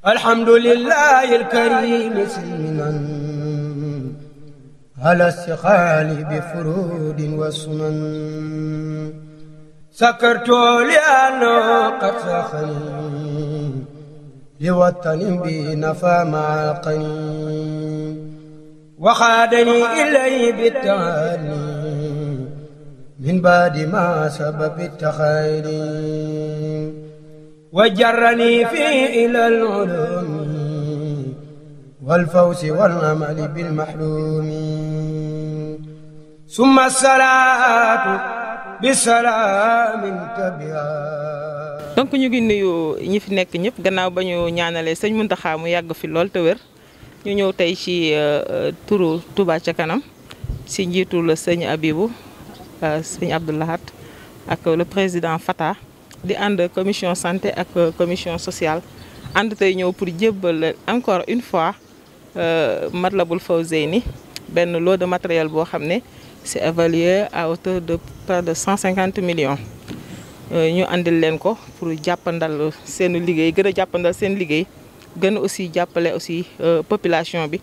alhamdulilah alkarimi sinan ala istixaali bi furudin wa sunan sakartu li'annahu qad saxani liwatanin bi nafa ma'alqani waxaadani ilayhi bittaani min baadi ma sabab taxayri وجرني فيه إلى العلوم والفوز والأمل بالمحلوم ثم الصلاة بسلام كبير donc ñu ngi nuyu ñi fi nekk ñëpp gannaaw ba ñu ñaanalee sëñ Muntaxa mu yàgg fi lool te wér ñu ñëw tey ci euh, turu Touba ca kanam ci njiitu la sëñ Abibu euh, sëñ Abdoulahat ak le président Fata di ànd commission santé ak euh, commission sociale ànd tey ñëw pour jébbal encore une fois euh, Matlaboul ni benn lot de matériel boo xam ne c'est évalué à hauteur de près de million millions euh, ñu àndil leen ko pour jàppandal seen liggéey gën a jàppandal seen liggéey gën aussi jàppale aussi population bi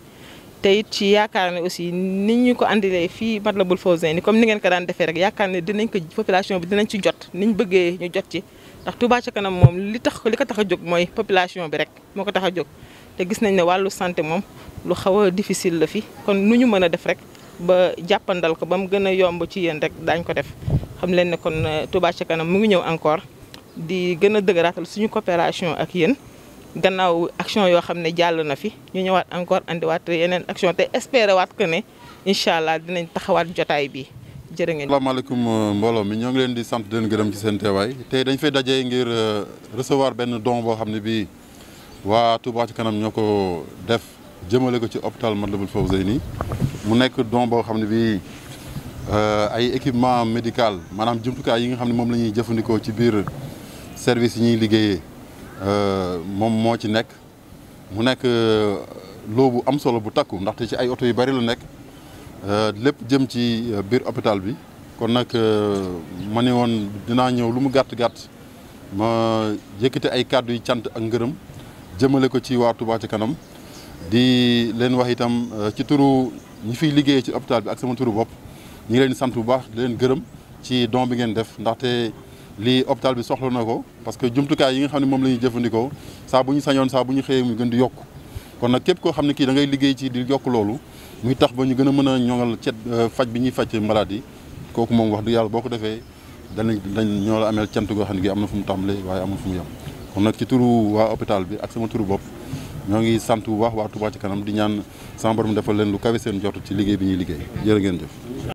te it ci yaakaar ne aussi ni ñu ko andilee fii Matlaboul Fawzeyni comme ni ngeen ko daan defee rek yaakaar ne dinañ ko population bi dinañ ci jot ni ñu bëggee ñu jot ci ndax Touba ca kanam moom li tax li ko tax a jóg mooy population bi rek moo ko tax a jóg te gis nañ ne wàllu santé moom lu xaw a difficile la fi kon nu ñu mën a def rek ba jàppandal ko ba mu gën a yomb ci yéen rek daañ ko def xam leen ne kon Touba ca mu ngi ñëw encore di gën a dëgëraatal suñu coopération ak yéen gannaaw action yoo xam ne jàll na fi ñu ñëwaat encore andiwaat yeneen action te espérer waat que ne incha allah dinañ taxawaat jotaay bi jër ngeen. asalaamaaleykum euh, mbooloo mi ñoo ngi leen di sant di gërëm ci seen teewaay tey dañ fay daje ngir euh, recevoir benn don boo xam ne bii waa Touba ci kanam ñoo ko def jëmale ko ci hôpital Matlaboul Fawzeyni mu nekk don boo xam ne bii euh, ay équipement médical maanaam jumtukaay yi nga xam ne moom la ñuy jëfandikoo ci biir service yi ñuy liggéeyee. Euh, moom moo ci nekk mu nekk euh, loo bu am solo bu takku ndaxte ci ay oto yu bari la nekk euh, lépp jëm ci biir hôpital bi kon nag ma ne woon dinaa ñëw lu mu gàtt gàtt ma yëkkate ay kàddu yu cant ak ngërëm jëmale ko ci waa Touba ci kanam di leen wax itam ci turu ñi fiy liggéeyee ci hôpital bi ak sama turu bopp ñu ngi leen sant bu baax di leen gërëm ci don bi ngeen def ndaxte. lii hôpital bi soxla na ko parce que jumtukaay yi nga xam ne moom la ñuy jëfandikoo saa bu ñu sañoon saa bu ñu xëyee mu gën di yokk kon nag képp koo xam ne kii da liggéey ci di yokk loolu muy tax ba ñu gën a mën a ñoŋal cet euh, faj bi ñuy faj malade yi kooku moom wax du yàlla boo ko defee danañ dañ ñoo la ameel cant goo xam ne gi am na fu mu tàmbalee waaye amul fu mu yem kon nag ci turu waa hôpital bi ak sama turu bopp ñoo ngi sant waa baax waa Touba ci kanam di ñaan sama borom leen lu kawe seen jot ci liggéey bi ñuy liggéey jërë ngeen jëf